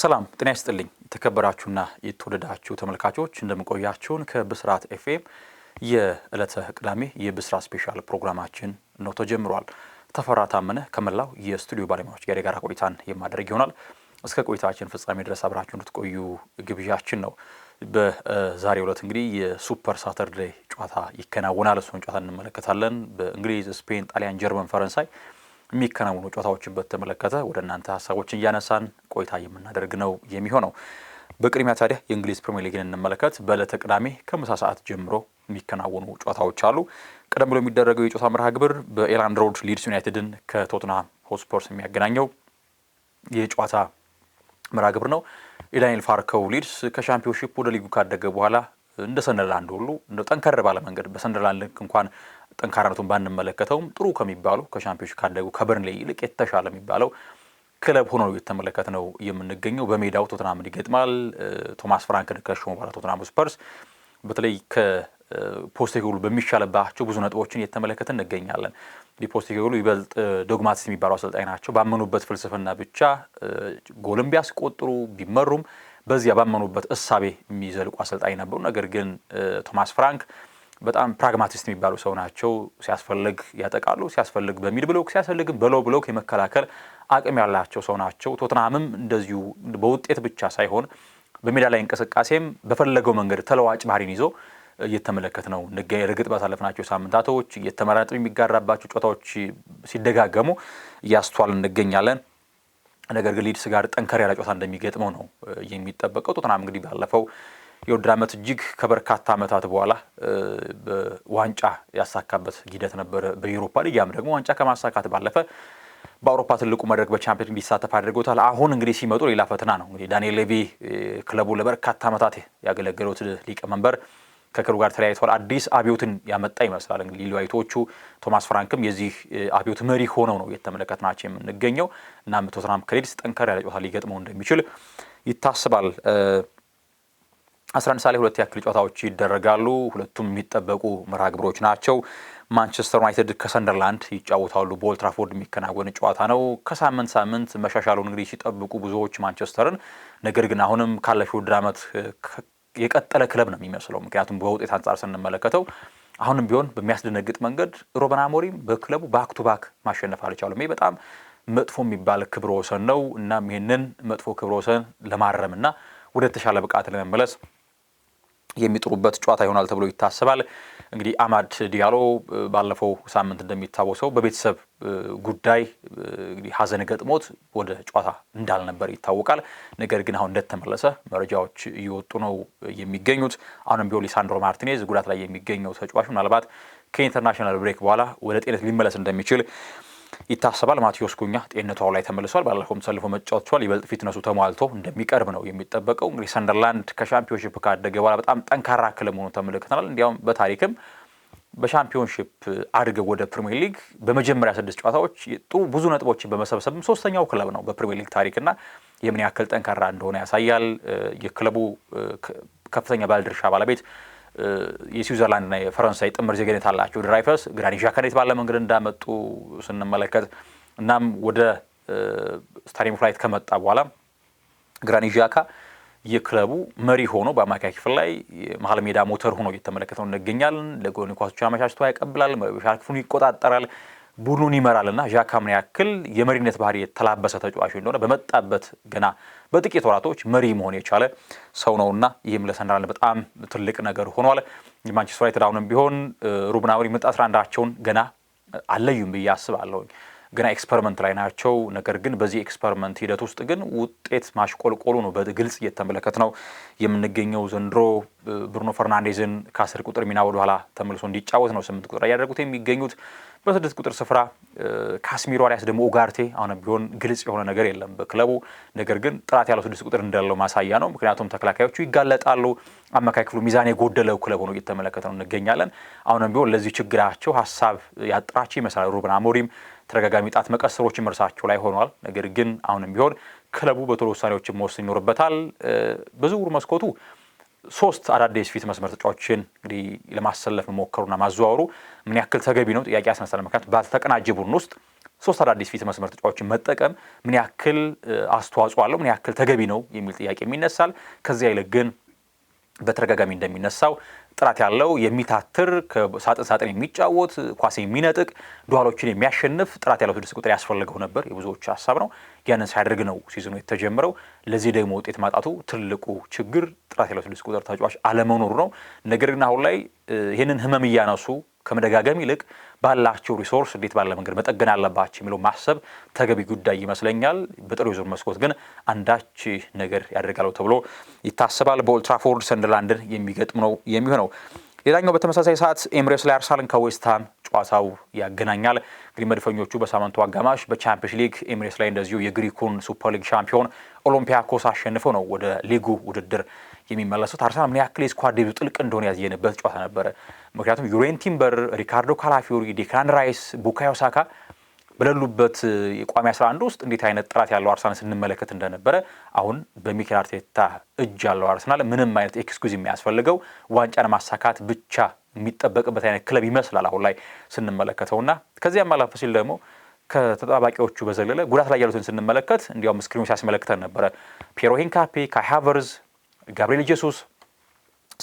ሰላም ጤና ይስጥልኝ። የተከበራችሁና የተወደዳችሁ ተመልካቾች እንደምቆያችሁን ከብስራት ኤፍኤም የዕለተ ቅዳሜ የብስራት ስፔሻል ፕሮግራማችን ነው ተጀምሯል። ተፈራ ታመነ ከመላው የስቱዲዮ ባለሙያዎች ጋር የጋራ ቆይታን የማድረግ ይሆናል። እስከ ቆይታችን ፍጻሜ ድረስ አብራችሁ እንድትቆዩ ግብዣችን ነው። በዛሬ ዕለት እንግዲህ የሱፐር ሳተርዴ ጨዋታ ይከናወናል። እሱን ጨዋታ እንመለከታለን። በእንግሊዝ፣ ስፔን፣ ጣሊያን፣ ጀርመን፣ ፈረንሳይ የሚከናወኑ ጨዋታዎችን በተመለከተ ወደ እናንተ ሀሳቦችን እያነሳን ቆይታ የምናደርግ ነው የሚሆነው። በቅድሚያ ታዲያ የእንግሊዝ ፕሪሚየር ሊግን እንመለከት። በዕለተ ቅዳሜ ከምሳ ሰዓት ጀምሮ የሚከናወኑ ጨዋታዎች አሉ። ቀደም ብሎ የሚደረገው የጨዋታ መርሃ ግብር በኤላንድ ሮድ ሊድስ ዩናይትድን ከቶትንሃም ሆትስፐርስ የሚያገናኘው የጨዋታ መርሃ ግብር ነው። የዳንኤል ፋርከው ሊድስ ከሻምፒዮንሺፕ ወደ ሊጉ ካደገ በኋላ እንደ ሰንደርላንድ ሁሉ እንደ ጠንከር ባለመንገድ በሰንደርላንድ እንኳን ጠንካራነቱን ባንመለከተውም ጥሩ ከሚባሉ ከሻምፒዮች ካደጉ ከበርንሌ ይልቅ የተሻለ የሚባለው ክለብ ሆኖ ነው እየተመለከት ነው የምንገኘው። በሜዳው ቶትናምን ይገጥማል። ቶማስ ፍራንክን ከሾሙ በኋላ ቶትናም ስፐርስ በተለይ ከፖስቴኮግሉ በሚሻልባቸው ብዙ ነጥቦችን እየተመለከት እንገኛለን። ፖስቴኮግሉ ይበልጥ ዶግማቲስት የሚባሉ አሰልጣኝ ናቸው። ባመኑበት ፍልስፍና ብቻ ጎልም ቢያስቆጥሩ ቢመሩም በዚያ ባመኑበት እሳቤ የሚዘልቁ አሰልጣኝ ነበሩ። ነገር ግን ቶማስ ፍራንክ በጣም ፕራግማቲስት የሚባሉ ሰው ናቸው። ሲያስፈልግ ያጠቃሉ፣ ሲያስፈልግ በሚድ ብሎክ፣ ሲያስፈልግ በሎ ብሎክ የመከላከል አቅም ያላቸው ሰው ናቸው። ቶትናምም እንደዚሁ በውጤት ብቻ ሳይሆን በሜዳ ላይ እንቅስቃሴም በፈለገው መንገድ ተለዋጭ ባህሪን ይዞ እየተመለከት ነው እንገኝ። እርግጥ ባሳለፍናቸው ሳምንታቶች እየተመራጥ የሚጋራባቸው ጨዋታዎች ሲደጋገሙ እያስተዋል እንገኛለን። ነገር ግን ሊድስ ጋር ጠንከር ያለ ጨዋታ እንደሚገጥመው ነው የሚጠበቀው። ቶትናም እንግዲህ ባለፈው የውድድር ዓመት እጅግ ከበርካታ ዓመታት በኋላ ዋንጫ ያሳካበት ሂደት ነበር በዩሮፓ ሊግ። ያም ደግሞ ዋንጫ ከማሳካት ባለፈ በአውሮፓ ትልቁ መድረክ በቻምፒዮን እንዲሳተፍ አድርጎታል። አሁን እንግዲህ ሲመጡ ሌላ ፈተና ነው። እንግዲህ ዳንኤል ሌቪ ክለቡ ለበርካታ ዓመታት ያገለገሉት ሊቀመንበር ከክሩ ጋር ተለያይተዋል። አዲስ አብዮትን ያመጣ ይመስላል። እንግዲህ ሊለዋይቶቹ ቶማስ ፍራንክም የዚህ አብዮት መሪ ሆነው ነው ናቸው የምንገኘው። እና ቶተንሃም ክሬድስ ጠንከር ያለ ጨዋታ ሊገጥመው እንደሚችል ይታስባል። 11 ሰዓት ሁለት ያክል ጨዋታዎች ይደረጋሉ። ሁለቱም የሚጠበቁ መርሃ ግብሮች ናቸው። ማንቸስተር ዩናይትድ ከሰንደርላንድ ይጫወታሉ። በኦልትራፎርድ የሚከናወን ጨዋታ ነው። ከሳምንት ሳምንት መሻሻሉን እንግዲህ ሲጠብቁ ብዙዎች ማንቸስተርን፣ ነገር ግን አሁንም ካለፈው ውድድር ዓመት የቀጠለ ክለብ ነው የሚመስለው። ምክንያቱም በውጤት አንጻር ስንመለከተው አሁንም ቢሆን በሚያስደነግጥ መንገድ ሮበን አሞሪም በክለቡ ባክ ቱ ባክ ማሸነፍ አልቻሉ። በጣም መጥፎ የሚባል ክብረ ወሰን ነው። እናም ይህንን መጥፎ ክብረ ወሰን ለማረምና ወደ ተሻለ ብቃት ለመመለስ የሚጥሩበት ጨዋታ ይሆናል ተብሎ ይታሰባል። እንግዲህ አማድ ዲያሎ ባለፈው ሳምንት እንደሚታወሰው በቤተሰብ ጉዳይ እንግዲህ ሀዘን ገጥሞት ወደ ጨዋታ እንዳልነበር ይታወቃል። ነገር ግን አሁን እንደተመለሰ መረጃዎች እየወጡ ነው የሚገኙት። አሁንም ቢሆን ሊሳንድሮ ማርቲኔዝ ጉዳት ላይ የሚገኘው ተጫዋች ምናልባት ከኢንተርናሽናል ብሬክ በኋላ ወደ ጤነት ሊመለስ እንደሚችል ይታሰባል። ማቴዎስ ኩኛ ጤንነቱ ላይ ተመልሷል። ባለፈውም ተሰልፎ መጫወት ችሏል። ይበልጥ ፊትነሱ ተሟልቶ እንደሚቀርብ ነው የሚጠበቀው። እንግዲህ ሰንደርላንድ ከሻምፒዮንሽፕ ካደገ በኋላ በጣም ጠንካራ ክለብ መሆኑ ተመልክተናል። እንዲያውም በታሪክም በሻምፒዮንሽፕ አድገው ወደ ፕሪሚየር ሊግ በመጀመሪያ ስድስት ጨዋታዎች ብዙ ነጥቦችን በመሰብሰብም ሶስተኛው ክለብ ነው በፕሪሚየር ሊግ ታሪክና የምን ያክል ጠንካራ እንደሆነ ያሳያል። የክለቡ ከፍተኛ ባለድርሻ ባለቤት የስዊዘርላንድና የፈረንሳይ ጥምር ዜግነት አላቸው ድራይፈስ ግራኒት ዣካ እንዴት ባለ መንገድ እንዳመጡ ስንመለከት እናም ወደ ስታዲየም ፍላይት ከመጣ በኋላ ግራኒት ዣካ የክለቡ መሪ ሆኖ በአማካይ ክፍል ላይ መሀል ሜዳ ሞተር ሆኖ እየተመለከተው እንገኛለን። ለጎል ኳሶችን አመቻችቶ ያቀብላል፣ መረበሻ ይቆጣጠራል። ቡድኑን ይመራልና ዣካ ምን ያክል የመሪነት ባህሪ የተላበሰ ተጫዋች እንደሆነ በመጣበት ገና በጥቂት ወራቶች መሪ መሆን የቻለ ሰው ነውና ይህም ለሰንደርላንድ በጣም ትልቅ ነገር ሆኗል። የማንቸስተር ዩናይትድ አሁንም ቢሆን ሩበን አሞሪም መጣ 11ቸውን ገና አለዩም ብዬ አስባለሁኝ። ገና ኤክስፐሪመንት ላይ ናቸው። ነገር ግን በዚህ ኤክስፐሪመንት ሂደት ውስጥ ግን ውጤት ማሽቆልቆሉ ነው በግልጽ እየተመለከት ነው የምንገኘው። ዘንድሮ ብሩኖ ፈርናንዴዝን ከአስር ቁጥር ሚና ወደኋላ ተመልሶ እንዲጫወት ነው ስምንት ቁጥር እያደረጉት የሚገኙት። በስድስት ቁጥር ስፍራ ካስሚሮ አሪያስ ደግሞ ኡጋርቴ አሁንም ቢሆን ግልጽ የሆነ ነገር የለም በክለቡ። ነገር ግን ጥራት ያለው ስድስት ቁጥር እንዳለው ማሳያ ነው። ምክንያቱም ተከላካዮቹ ይጋለጣሉ፣ አማካይ ክፍሉ ሚዛን የጎደለው ክለብ ሆኖ እየተመለከተ ነው እንገኛለን። አሁንም ቢሆን ለዚህ ችግራቸው ሀሳብ ያጥራቸው ይመስላል ሩበን አሞሪም ተደጋጋሚ ጣት መቀሰሮችም እርሳቸው ላይ ሆኗል። ነገር ግን አሁንም ቢሆን ክለቡ በቶሎ ውሳኔዎች መወሰን ይኖርበታል። በዝውውር መስኮቱ ሶስት አዳዲስ ፊት መስመር ተጫዋቾችን እንግዲህ ለማሰለፍ መሞከሩና ማዘዋወሩ ምን ያክል ተገቢ ነው ጥያቄ ያስነሳል። ምክንያት ባልተቀናጀ ቡድን ውስጥ ሶስት አዳዲስ ፊት መስመር ተጫዋቾችን መጠቀም ምን ያክል አስተዋጽኦ አለው፣ ምን ያክል ተገቢ ነው የሚል ጥያቄ የሚነሳል። ከዚያ ይልቅ ግን በተደጋጋሚ እንደሚነሳው ጥራት ያለው የሚታትር ከሳጥን ሳጥን የሚጫወት ኳስ የሚነጥቅ ዱዋሎችን የሚያሸንፍ ጥራት ያለው ስድስት ቁጥር ያስፈልገው ነበር የብዙዎች ሀሳብ ነው። ያንን ሳያደርግ ነው ሲዝኑ የተጀመረው። ለዚህ ደግሞ ውጤት ማጣቱ ትልቁ ችግር ጥራት ያለው ስድስት ቁጥር ተጫዋች አለመኖሩ ነው። ነገር ግን አሁን ላይ ይህንን ህመም እያነሱ ከመደጋገም ይልቅ ባላቸው ሪሶርስ እንዴት ባለ መንገድ መጠገን አለባቸው የሚለው ማሰብ ተገቢ ጉዳይ ይመስለኛል። በጥሩ የዞን መስኮት ግን አንዳች ነገር ያደርጋሉ ተብሎ ይታሰባል። በኦልትራፎርድ ሰንደርላንድን የሚገጥም ነው የሚሆነው። ሌላኛው በተመሳሳይ ሰዓት ኤምሬስ ላይ አርሰናልን ከዌስትሃም ጨዋታው ያገናኛል። እንግዲህ መድፈኞቹ በሳምንቱ አጋማሽ በቻምፒዮንስ ሊግ ኤምሬስ ላይ እንደዚሁ የግሪኩን ሱፐር ሊግ ሻምፒዮን ኦሎምፒያኮስ አሸንፈው ነው ወደ ሊጉ ውድድር የሚመለሱት። አርሰናል ምን ያክል የስኳድ ዴብዙ ጥልቅ እንደሆነ ያየንበት ጨዋታ ነበረ። ምክንያቱም ዩሬን ቲምበር፣ ሪካርዶ ካላፊዮሪ፣ ዴክላን ራይስ፣ ቡካዮ ሳካ በሌሉበት የቋሚ 11 ውስጥ እንዴት አይነት ጥራት ያለው አርሰናል ስንመለከት እንደነበረ አሁን በሚኬል አርቴታ እጅ ያለው አርሰናል ምንም አይነት ኤክስኩዝ የሚያስፈልገው ዋንጫን ማሳካት ብቻ የሚጠበቅበት አይነት ክለብ ይመስላል አሁን ላይ ስንመለከተውና ከዚያም አለፍ ሲል ደግሞ ከተጠባባቂዎቹ በዘለለ ጉዳት ላይ ያሉትን ስንመለከት እንዲያውም ስክሪኑ ሲያስመለክተን ነበረ። ፒየሮ ሂንካፔ፣ ካይ ሃቨርዝ፣ ጋብሪኤል ጄሱስ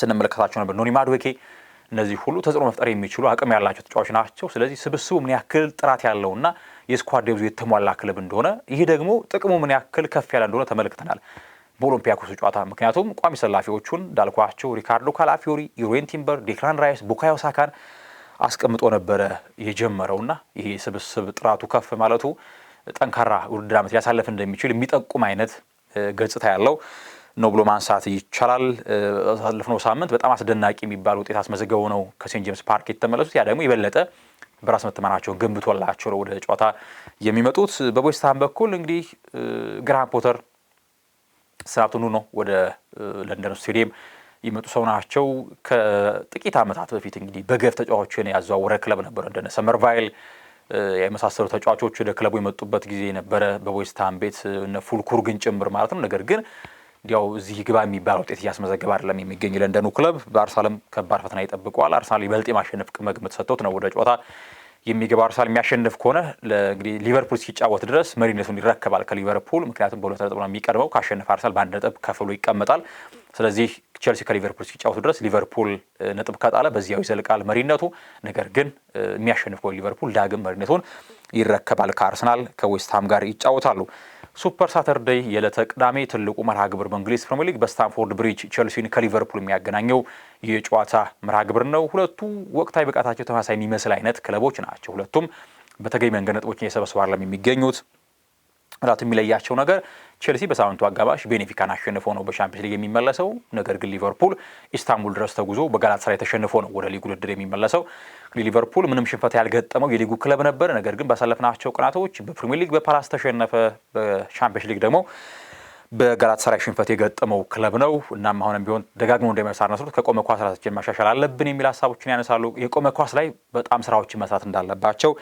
ስንመለከታቸው ነበር። ኖኒ ማድዌኬ እነዚህ ሁሉ ተጽዕኖ መፍጠር የሚችሉ አቅም ያላቸው ተጫዋች ናቸው። ስለዚህ ስብስቡ ምን ያክል ጥራት ያለውና የስኳድ ደብዙ የተሟላ ክለብ እንደሆነ፣ ይህ ደግሞ ጥቅሙ ምን ያክል ከፍ ያለ እንደሆነ ተመልክተናል በኦሎምፒያኮስ ጨዋታ። ምክንያቱም ቋሚ ሰላፊዎቹን እንዳልኳቸው ሪካርዶ ካላፊዮሪ፣ ዩሬን ቲምበር፣ ዴክላን ራይስ፣ ቡካዮ ሳካን አስቀምጦ ነበረ የጀመረውና ይህ ስብስብ ጥራቱ ከፍ ማለቱ ጠንካራ ውድድር ዓመት ሊያሳለፍ እንደሚችል የሚጠቁም አይነት ገጽታ ያለው ነው ብሎ ማንሳት ይቻላል። አሳለፍነው ሳምንት በጣም አስደናቂ የሚባል ውጤት አስመዘገቡ ነው ከሴንት ጄምስ ፓርክ የተመለሱት። ያ ደግሞ የበለጠ በራስ መተማመናቸውን ገንብቶላቸው ነው ወደ ጨዋታ የሚመጡት። በቦይስታን በኩል እንግዲህ ግራሃም ፖተር ስናብትኑ ነው ወደ ለንደን ስቴዲየም ይመጡ ሰው ናቸው። ከጥቂት ዓመታት በፊት እንግዲህ በገፍ ተጫዋቾችን ያዘዋወረ ክለብ ነበረ እንደነ ሰመርቫይል የመሳሰሉ ተጫዋቾች ወደ ክለቡ የመጡበት ጊዜ ነበረ፣ በቦይስታን ቤት እነ ፉልኩርግን ጭምር ማለት ነው። ነገር ግን እንዲያው እዚህ ግባ የሚባል ውጤት እያስመዘገበ አይደለም የሚገኝ ለንደኑ ክለብ። በአርሰናልም ከባድ ፈተና ይጠብቀዋል። አርሰናል ይበልጥ የማሸነፍ ግምት ሰጥቶት ነው ወደ ጨዋታ የሚገባ። አርሰናል የሚያሸንፍ ከሆነ እንግዲህ ሊቨርፑል እስኪጫወት ድረስ መሪነቱን ይረከባል ከሊቨርፑል። ምክንያቱም በሁለት ነጥብ ነው የሚቀድመው። ካሸነፈ አርሰናል በአንድ ነጥብ ከፍሎ ይቀመጣል። ስለዚህ ቸልሲ ከሊቨርፑል እስኪጫወቱ ድረስ ሊቨርፑል ነጥብ ከጣለ በዚያው ይዘልቃል መሪነቱ። ነገር ግን የሚያሸንፍ ከሆነ ሊቨርፑል ዳግም መሪነቱን ይረከባል። ከአርሰናል ከዌስትሃም ጋር ይጫወታሉ። ሱፐር ሳተርደይ የዕለተ ቅዳሜ ትልቁ መርሃ ግብር በእንግሊዝ ፕሪምየር ሊግ በስታንፎርድ ብሪጅ ቸልሲን ከሊቨርፑል የሚያገናኘው የጨዋታ መርሃ ግብር ነው። ሁለቱ ወቅታዊ ብቃታቸው ተመሳሳይ የሚመስል አይነት ክለቦች ናቸው። ሁለቱም በተገኝ መንገድ ነጥቦችን እየሰበሰቡ አይደለም የሚገኙት ራት የሚለያቸው ነገር ቼልሲ በሳምንቱ አጋማሽ ቤኔፊካን አሸንፎ ነው በሻምፒዮንስ ሊግ የሚመለሰው። ነገር ግን ሊቨርፑል ኢስታንቡል ድረስ ተጉዞ በጋላት ስራ ተሸንፎ ነው ወደ ሊጉ ውድድር የሚመለሰው። ሊቨርፑል ምንም ሽንፈት ያልገጠመው የሊጉ ክለብ ነበር። ነገር ግን ባሳለፍናቸው ቅናቶች በፕሪሚየር ሊግ በፓላስ ተሸነፈ፣ በሻምፒዮንስ ሊግ ደግሞ በጋላታሳራይ ሽንፈት የገጠመው ክለብ ነው። እናም አሁንም ቢሆን ደጋግሞ እንደሚመሳር ነስሩት ከቆመ ኳስ ራሳችን ማሻሻል አለብን የሚል ሀሳቦችን ያነሳሉ። የቆመ ኳስ ላይ በጣም ስራዎችን መስራት እንዳለባቸው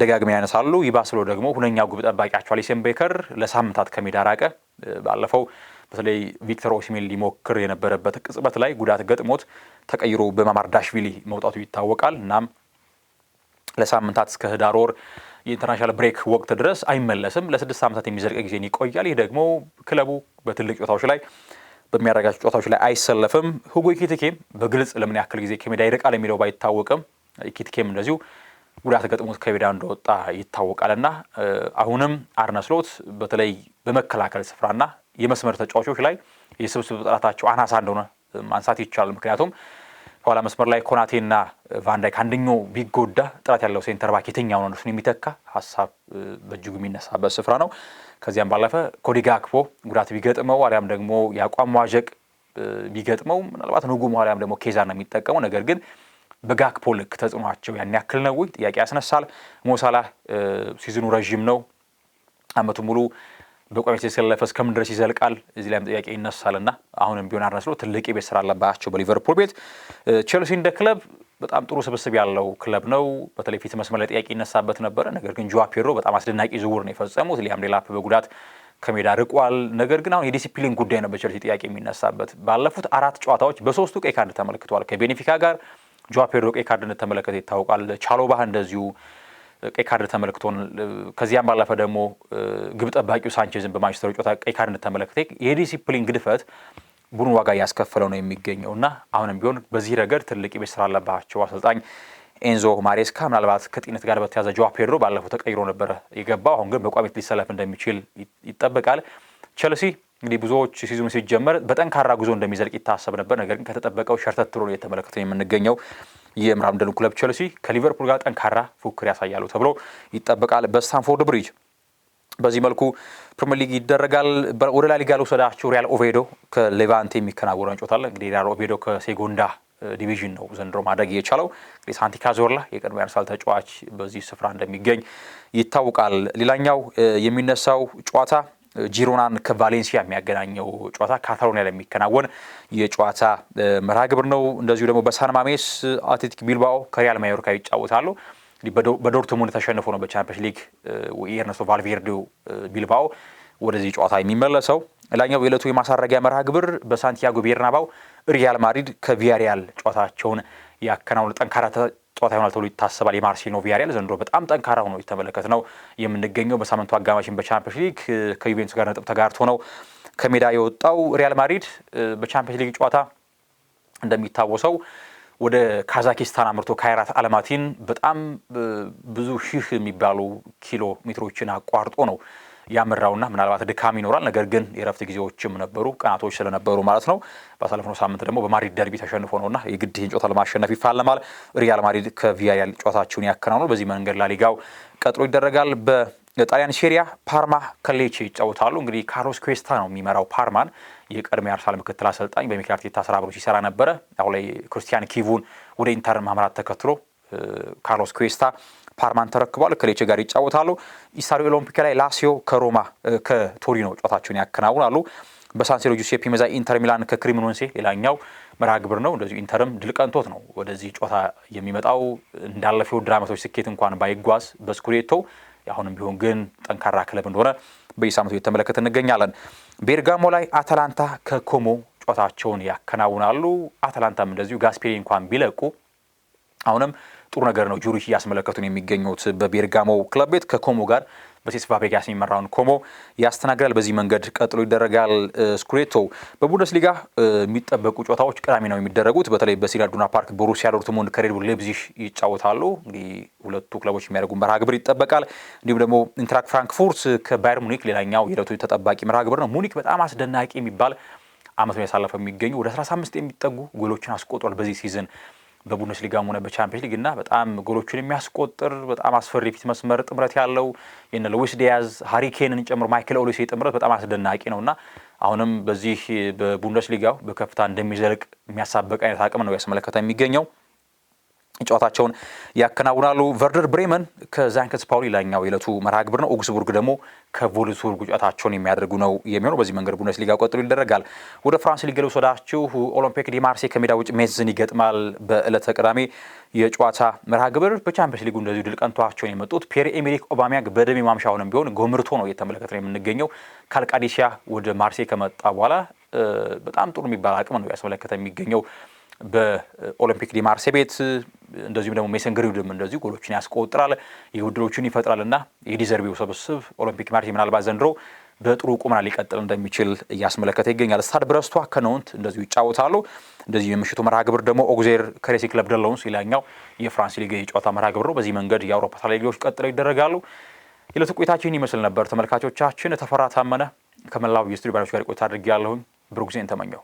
ደጋግሜ ያነሳሉ። ይባስ ብሎ ደግሞ ሁነኛ ግብ ጠባቂያቸው አሊሰን ቤከር ለሳምንታት ከሜዳ ራቀ። ባለፈው በተለይ ቪክተር ኦሲሜን ሊሞክር የነበረበት ቅጽበት ላይ ጉዳት ገጥሞት ተቀይሮ በማማርዳሽቪሊ መውጣቱ ይታወቃል። እናም ለሳምንታት እስከ ህዳር ወር የኢንተርናሽናል ብሬክ ወቅት ድረስ አይመለስም። ለስድስት ዓመታት የሚዘልቅ ጊዜን ይቆያል። ይህ ደግሞ ክለቡ በትልቅ ጨዋታዎች ላይ በሚያደርጋቸው ጨዋታዎች ላይ አይሰለፍም። ሁጎ ኢኪቲኬም በግልጽ ለምን ያክል ጊዜ ከሜዳ ይርቃል የሚለው ባይታወቅም ኢኪቲኬም እንደዚሁ ጉዳት ገጥሞት ከሜዳ እንደወጣ ይታወቃልና አሁንም አርነ ስሎት በተለይ በመከላከል ስፍራና የመስመር ተጫዋቾች ላይ የስብስብ ጥራታቸው አናሳ እንደሆነ ማንሳት ይቻላል። ምክንያቱም ከኋላ መስመር ላይ ኮናቴና ቫንዳይክ አንደኛው ቢጎዳ ጥራት ያለው ሴንተር ባክ የትኛው ነው እሱን የሚተካ ሀሳብ በእጅጉ የሚነሳበት ስፍራ ነው። ከዚያም ባለፈ ኮዲ ጋክፖ ጉዳት ቢገጥመው አሊያም ደግሞ የአቋም መዋዠቅ ቢገጥመው ምናልባት ንጉ አሊያም ደግሞ ኬዛ ነው የሚጠቀመው ነገር ግን በጋክፖ ልክ ተጽዕኖቸው ያን ያክል ነው ወይ ጥያቄ ያስነሳል። ሞሳላ ሲዝኑ ረዥም ነው። አመቱ ሙሉ በቋሚ የተሰለፈ እስከምን ድረስ ይዘልቃል? እዚህ ላይም ጥያቄ ይነሳልና አሁንም ቢሆን አርነ ስሎት ትልቅ የቤት ስራ አለባቸው በሊቨርፑል ቤት። ቼልሲ እንደ ክለብ በጣም ጥሩ ስብስብ ያለው ክለብ ነው። በተለይ ፊት መስመር ላይ ጥያቄ ይነሳበት ነበረ። ነገር ግን ጆዋ ፔድሮ በጣም አስደናቂ ዝውውር ነው የፈጸሙት። ሊያም ዴላፕ በጉዳት ከሜዳ ርቋል። ነገር ግን አሁን የዲሲፕሊን ጉዳይ ነው በቼልሲ ጥያቄ የሚነሳበት። ባለፉት አራት ጨዋታዎች በሶስቱ ቀይ ካርድ ተመልክቷል። ከቤኔፊካ ጋር ጆዋ ፔድሮ ቀይ ካርድ ይታወቃል። ቻሎባህ እንደዚሁ ቀይ ካርድ ተመልክቶን ከዚያም ባለፈ ደግሞ ግብ ጠባቂው ሳንቼዝን በማንቸስተር ጨዋታ ቀይ ካርድ እንደተመለከተ የዲሲፕሊን ግድፈት ቡድን ዋጋ እያስከፈለው ነው የሚገኘው እና አሁንም ቢሆን በዚህ ረገድ ትልቅ ቤት ስራ አለባቸው አሰልጣኝ ኤንዞ ማሬስካ። ምናልባት ከጤንነት ጋር በተያዘ ጆዋ ፔድሮ ባለፈው ተቀይሮ ነበረ የገባው፣ አሁን ግን በቋሚት ሊሰለፍ እንደሚችል ይጠበቃል። ቸልሲ እንግዲህ ብዙዎች ሲዝኑ ሲጀመር በጠንካራ ጉዞ እንደሚዘልቅ ይታሰብ ነበር። ነገር ግን ከተጠበቀው ሸርተት ብሎ የተመለከተ የምንገኘው የምራም ደሉ ክለብ ቸልሲ ከሊቨርፑል ጋር ጠንካራ ፉክክር ያሳያሉ ተብሎ ይጠበቃል በስታንፎርድ ብሪጅ። በዚህ መልኩ ፕሪምየር ሊግ ይደረጋል። ወደ ላሊጋ ልውሰዳችሁ። ሪያል ኦቬዶ ከሌቫንቴ የሚከናወነው ጨዋታ እንግዲህ ሪያል ኦቬዶ ከሴጎንዳ ዲቪዥን ነው ዘንድሮ ማድረግ የቻለው። እንግዲህ ሳንቲ ካዞርላ የቀድሞ የአርሰናል ተጫዋች በዚህ ስፍራ እንደሚገኝ ይታወቃል። ሌላኛው የሚነሳው ጨዋታ ጂሮናን ከቫሌንሲያ የሚያገናኘው ጨዋታ ካታሎኒያ ላይ የሚከናወን የጨዋታ መርሃ ግብር ነው። እንደዚሁ ደግሞ በሳን ማሜስ አትሌቲክ ቢልባኦ ከሪያል ማዮርካ ይጫወታሉ። በዶርትሙንድ ተሸንፎ ነው በቻምፒየንስ ሊግ የኤርነስቶ ቫልቬርዴው ቢልባኦ ወደዚህ ጨዋታ የሚመለሰው። ላኛው የዕለቱ የማሳረጊያ መርሃ ግብር በሳንቲያጎ ቤርናባው ሪያል ማድሪድ ከቪያሪያል ጨዋታቸውን ያከናውን ጠንካራ ጨዋታ ይሆናል ተብሎ ይታሰባል። የማርሴሎ ቪያሪያል ዘንድሮ በጣም ጠንካራ ሆኖ የተመለከት ነው የምንገኘው። በሳምንቱ አጋማሽን በቻምፒዮንስ ሊግ ከዩቬንቱስ ጋር ነጥብ ተጋርቶ ነው ከሜዳ የወጣው። ሪያል ማድሪድ በቻምፒዮንስ ሊግ ጨዋታ እንደሚታወሰው ወደ ካዛኪስታን አምርቶ ካይራት አልማቲን በጣም ብዙ ሺህ የሚባሉ ኪሎ ሜትሮችን አቋርጦ ነው ያመራውና ምናልባት ድካም ይኖራል። ነገር ግን የረፍት ጊዜዎችም ነበሩ ቀናቶች ስለነበሩ ማለት ነው። ባሳለፍነው ሳምንት ደግሞ በማድሪድ ደርቢ ተሸንፎ ነውና የግድ ይህን ጨዋታ ለማሸነፍ ይፋለማል። ሪያል ማድሪድ ከቪያሪያል ጨዋታቸውን ያከናውኑ። በዚህ መንገድ ላሊጋው ቀጥሎ ይደረጋል። በጣሊያን ሴሪያ ፓርማ ከሌቼ ይጫወታሉ። እንግዲህ ካርሎስ ኩዌስታ ነው የሚመራው ፓርማን። የቀድሞ የአርሰናል ምክትል አሰልጣኝ በሚኬል አርቴታ ስራ ብሎ ሲሰራ ነበረ። አሁን ላይ ክርስቲያን ኪቡን ወደ ኢንተር ማምራት ተከትሎ ካርሎስ ኩዌስታ ፓርማን ተረክቧል። ከሌቼ ጋር ይጫወታሉ። ኢሳሪ ኦሎምፒክ ላይ ላሲዮ ከሮማ ከቶሪኖ ጨዋታቸውን ያከናውናሉ። በሳንሴሮ ጁሴፒ መዛ ኢንተር ሚላን ከክሪሞኔሴ ሌላኛው መርሃ ግብር ነው። እንደዚሁ ኢንተርም ድል ቀንቶት ነው ወደዚህ ጨዋታ የሚመጣው። እንዳለፈው ውድድር ዓመቶች ስኬት እንኳን ባይጓዝ በስኩዴቶ አሁንም ቢሆን ግን ጠንካራ ክለብ እንደሆነ በየሳምንቱ እየተመለከት እንገኛለን። ቤርጋሞ ላይ አታላንታ ከኮሞ ጨዋታቸውን ያከናውናሉ። አታላንታም እንደዚሁ ጋስፔሪ እንኳን ቢለቁ አሁንም ጥሩ ነገር ነው ጁሪሽ እያስመለከቱን የሚገኙት በቤርጋሞ ክለብ ቤት ከኮሞ ጋር በሴስ ፋብሪጋስ የሚመራውን ኮሞ ያስተናግዳል። በዚህ መንገድ ቀጥሎ ይደረጋል። ስኩዴቶ በቡንደስሊጋ የሚጠበቁ ጨዋታዎች ቅዳሜ ነው የሚደረጉት። በተለይ በሲዳድ ኢዱና ፓርክ ቦሩሲያ ዶርትሙንድ ከሬድ ቡል ሌፕዚግ ይጫወታሉ። እንግዲህ ሁለቱ ክለቦች የሚያደርጉ መርሃ ግብር ይጠበቃል። እንዲሁም ደግሞ ኢንትራክት ፍራንክፉርት ከባየር ሙኒክ ሌላኛው የዕለቱ ተጠባቂ መርሃ ግብር ነው። ሙኒክ በጣም አስደናቂ የሚባል አመቱን ያሳለፈው። የሚገኙ ወደ 15 የሚጠጉ ጎሎችን አስቆጥሯል በዚህ ሲዝን በቡንደስሊጋም ሆነ በቻምፒየንስ ሊግ እና በጣም ጎሎቹን የሚያስቆጥር በጣም አስፈሪ ፊት መስመር ጥምረት ያለው የነ ሉዊስ ዲያዝ ሃሪኬንን ጨምሮ ማይክል ኦሊሴ ጥምረት በጣም አስደናቂ ነው እና አሁንም በዚህ ሊጋው በከፍታ እንደሚዘልቅ የሚያሳበቅ አይነት አቅም ነው ያስመለከተ የሚገኘው። ጨዋታቸውን ያከናውናሉ። ቨርደር ብሬመን ከዛንከስ ፓውሊ ላይኛው የዕለቱ መርሃ ግብር ነው። ኦግስቡርግ ደግሞ ከቮልስቡርግ ጨዋታቸውን የሚያደርጉ ነው የሚሆነው። በዚህ መንገድ ሊጋ ቀጥሎ ይደረጋል። ወደ ፍራንስ ሊግ ልውሰዳችሁ። ኦሎምፒክ ዲማርሴ ከሜዳ ውጭ ሜዝን ይገጥማል በዕለተ ቅዳሜ የጨዋታ መርሃ ግብር። በቻምፒየንስ ሊጉ እንደዚሁ ድል ቀንቷቸውን የመጡት ፒየር ኤሜሪክ ኦባሚያንግ በደሜ ማምሻውንም ቢሆን ጎምርቶ ነው እየተመለከት ነው የምንገኘው። ካልቃዲሲያ ወደ ማርሴ ከመጣ በኋላ በጣም ጥሩ የሚባል አቅም ነው ያስመለከተ የሚገኘው በኦሎምፒክ ዲማርሴ ቤት እንደዚሁም ደግሞ ሜሰን ግሪንውድም እንደዚሁ ጎሎችን ያስቆጥራል፣ የውድሎችን ይፈጥራል እና የዲዘርቢው ስብስብ ኦሎምፒክ ማርሴ ምናልባት ዘንድሮ በጥሩ ቁመና ሊቀጥል እንደሚችል እያስመለከተ ይገኛል። ስታድ ብረስቱ ከነውንት እንደዚሁ ይጫወታሉ። እንደዚሁ የምሽቱ መርሃ ግብር ደግሞ ኦግዜር ከሬሲ ክለብ ደለውንስ ሌላኛው የፍራንስ ሊግ የጨዋታ መርሃ ግብር ነው። በዚህ መንገድ የአውሮፓ ታላጊዎች ቀጥለው ይደረጋሉ። የዕለቱ ቆይታችን ይመስል ነበር። ተመልካቾቻችን ተፈራ ታመነ ከመላው የስቱዲዮ ባሪዎች ጋር ቆይታ አድርጌ ያለሁኝ ብሩክ ዜን ተመኘው።